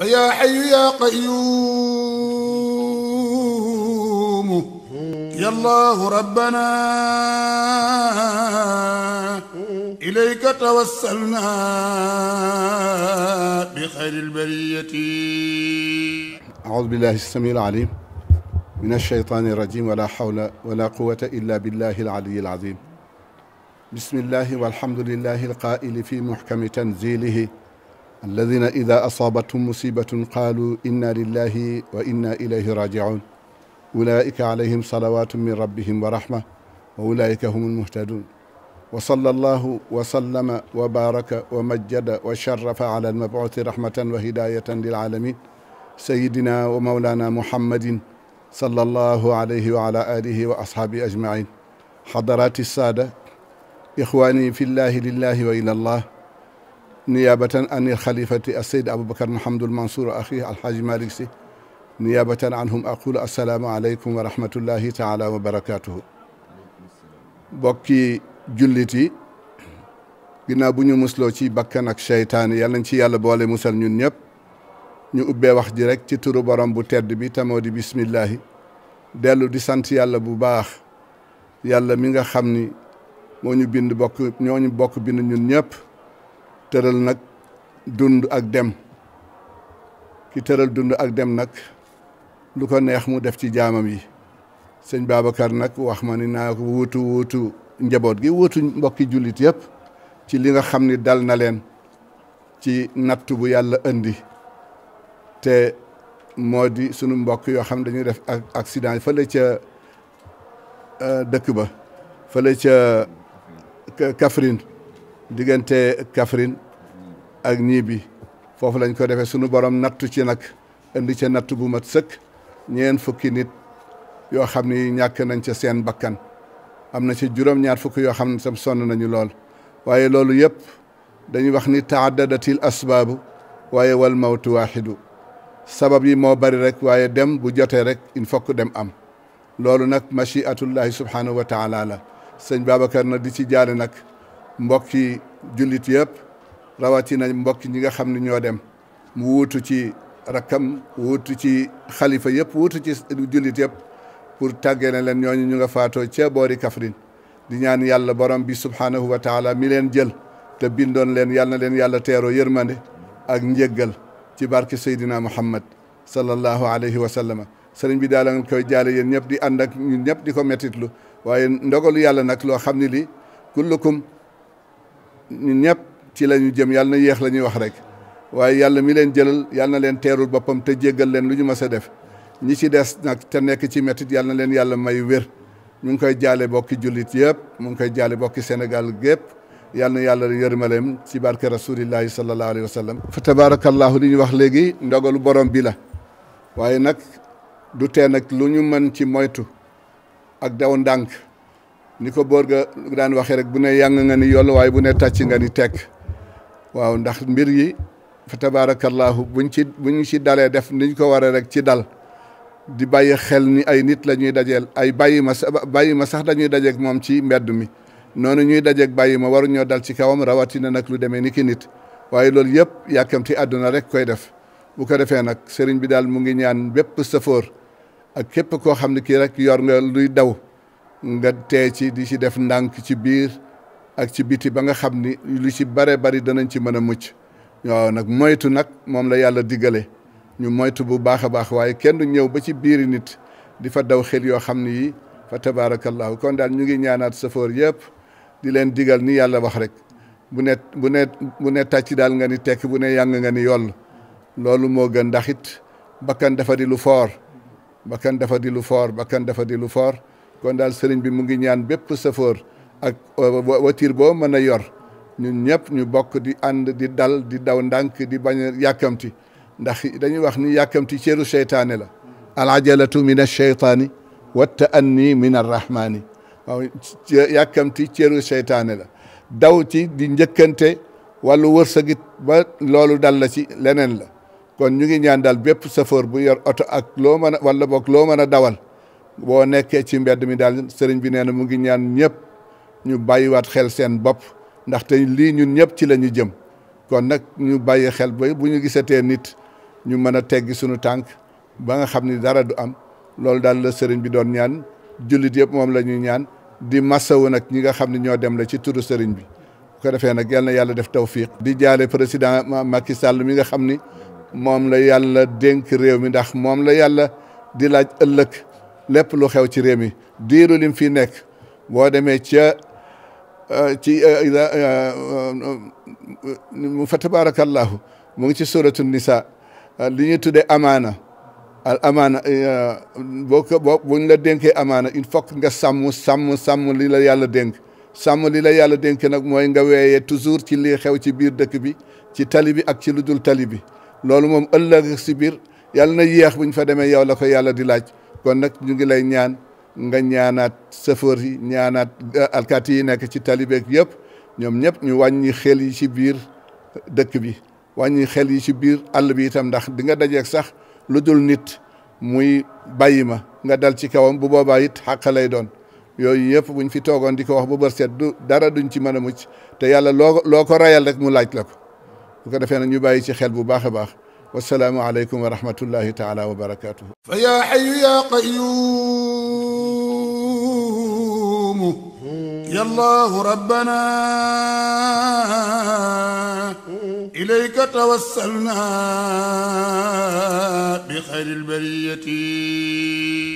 فيا حي يا قيوم يا الله ربنا إليك توسلنا بخير البرية أعوذ بالله السميع العليم من الشيطان الرجيم ولا حول ولا قوة إلا بالله العلي العظيم بسم الله والحمد لله القائل في محكم تنزيله الذين إذا أصابتهم مصيبة قالوا إنا لله وإنا إليه راجعون أولئك عليهم صلوات من ربهم ورحمة وأولئك هم المهتدون وصلى الله وسلم وبارك ومجد وشرف على المبعوث رحمة وهداية للعالمين سيدنا ومولانا محمد صلى الله عليه وعلى آله وأصحابه أجمعين حضرات السادة إخواني في الله لله وإلى الله نيابة عن الخليفة السيد أبو بكر محمد المنصور أخيه الحاج مالكسي سي نيابة عنهم أقول السلام عليكم ورحمة الله تعالى وبركاته bokki jullit yi ginnaaw bu ñu musloo ci bakkan ak seytaane yàlla nañ ci yàlla boole musal ñun ñëpp ñu ubbee wax ji rek ci turu borom bu tedd bi tamoo di bismillahi dellu di sant yàlla bu baax yàlla mi nga xam ni ñu bind bokk ñoo ñu bokk bind ñun ñëpp tëral nag dund ak dem ki tëral dund ak dem nag lu ko neex mu def ci jaamam yi sëñ Babacar nag wax ma ni naa ko wuutu njaboot gi wuutu mbokki jullit yëpp ci li nga xam ni dal na leen ci natt bu yàlla indi te moo di sunu mbokk yoo xam dañuy def ak accident fële ca euh, dëkk ba fële ca kafrin diggante Kaffrine ak ñii bi foofu lañ ko defe sunu borom nattu ci nag indi ca nattu bu mat sëkk ñeen fukki nit yoo xam ni ñàkk nañ ca seen bakkan am na ci juróom-ñaar fukki yoo xam ne tam sonn nañu lool waaye loolu yëpp dañuy wax ni taaddadatil asbaabu waaye wal mawtu waaxidu sabab yi moo bari rek waaye dem bu jotee rek il faut dem am loolu nag machiatullahi subhanahu wa taala la sëñ Babacar na di ci jaare nag mbokki julit yep rawati na mbokki ñi nga xamni ne ñoo dem mu wuutu ci rakam wuutu ci khalifa yep wuutu ci julit yep pour tagene len ñoo ñu nga faato ci boori kafrin di ñaan yàlla borom bi subhanahu wa taala mi len jël te bindon len yàlla len yàlla tero yërmande ak njëggal ci barke sayidina Muhammad sallallahu alayhi wa sallam serigne bi dalang nga koy jaale yéen ñëpp di ànd ak ñun ñep di ko metitlu waye ndogalu yàlla nak lo xamni li lii kullukum ñun ñëpp ci la ñu jëm yàlla na yéex la ñuy wax rek waaye yàlla mi leen jëlal yal na leen teerul boppam te jéggal leen lu ñu mës a def ñi ci des nag te nekk ci métit yal na leen yàlla may wér ñu ngi koy jaale bokki jullit yëpp mu ngi koy jaale bokki Sénégal gépp yàlla na yàlla yërmaleem ci barke rasulillahi sallallahu alayhi wa sallam fa tabarakallahu li ñu wax léegi ndogalu borom bi la waaye nag du tee nag lu ñu mën ci moytu ak daw ndànk ni ko boor ga daan waxee rek bu ne yàng nga ni yoll waaye bu ne tàcc nga ni tekk waaw ndax mbir yi fa tabaarakallaahu buñ ci buñ ci dalee def niñ ko waree rek ci dal di bàyyi xel ni ay nit la ñuy dajeel ay bàyyi ma ma sax dañuy dajeek moom ci mbedd mi noonu ñuy dajeeg bàyyi ma war waruñoo dal ci kawam rawatina nag lu demee ni ki nit waaye loolu yëpp yàkkamti àdduna rek koy def bu ko defee nag sëriñ bi daal mu ngi ñaan bépp safoor ak képp koo xam ne kii rek yor nga luy daw nga tee ci di ci def ndànk ci biir ak ci biti ba nga xam ni lu ci bare bari danañ ci mën a mucc waaw nag moytu nag moom la yàlla diggale ñu moytu bu baax a baax waaye kenn du ñëw ba ci biiri nit di fa daw xel yoo xam ni yi fa tabaarakallaahu kon daal ñu ngi ñaanaat safoor yëpp di leen digal ni yàlla wax rek bu ne bu ne bu daal nga ni tekk bu ne yàng nga ni yoll loolu moo gën ndax it bakkan dafa di lu foor bakkan dafa di lu foor bakkan dafa di lu foor kon daal sëriñ bi mu ngi ñaan bépp safoor ak voiture euh, boo mën a yor ñu ñëpp ñu bokk di ànd di dal di daw ndànk di bañ a yàkkamti ndax dañuy wax ni yàkkamti ceeru seytaane la al ajalatu min alcheytaani wa taanni min arrahmaani waaw yàkkamti ceeru seytaane la daw ci di njëkkante wàllu wërsëgit ba loolu dal la ci leneen la kon ñu ngi ñaan daal bépp safoor bu yor oto ak loo mën a wala boog loo mën a dawal boo nekkee ci mbedd mi daal sëriñ bi nee na mu ngi ñaan ñëpp ñu bàyyiwaat xel seen bopp ndax ndaxte lii ñun ñëpp ci la jëm kon nag ñu bàyyi xel ba bu ñu gisatee nit ñu mën a teggi suñu tànk ba nga xam ni dara du am loolu daal la sëriñ bi doon ñaan jullit yëpp moom la ñuy ñaan di masawu nag ñi nga xam ne ñoo dem la ci turu sëriñ bi ko defee nag yal na yàlla def tawfiq di jaale président Macky Sall mi nga xam ni moom la yàlla dénk réew mi ndax moom la yàlla di laaj ëllëg lépp lu xew ci réew mi diiru lim fi nekk boo demee ca uh, ci uh, uh, mu fa tabarakallahu mu ngi ci suratu nisa li ñuy tuddee amaana al amaana boo ko boo buñ la denkee amaana il faut nga sàmm sàmm sàmm li la yàlla dénk sàmm li la yàlla dénk nag mooy nga weeyee toujours ci lii xew ci biir dëkk bi ci tali bi ak ci lu dul tali bi loolu moom ëllëg si biir yàlla na yéex buñ fa demee yow la ko yàlla di laaj kon nag ñu ngi lay ñaan nga ñaanaat chauffeur yi ñaanaat euh, alkaati yi nekk ci talibeeg yëpp ñoom ñëpp ñu wàññi xel yi ci biir dëkk bi wàññi xel yi ci biir àll bi itam ndax di nga dajeeg sax lu dul nit muy bàyyi ma nga dal ci kawam bu boobaa it xàq lay doon yooyu yëpp buñ fi toogoon di ko wax ba bër seet du dara duñ ci mën a mucc te yàlla loo loo ko rayal rek mu laaj la ko bu ko defee nag ñu bàyyi ci xel bu baax a baax والسلام عليكم ورحمة الله تعالى وبركاته فيا حي يا قيوم يا الله ربنا إليك توسلنا بخير البرية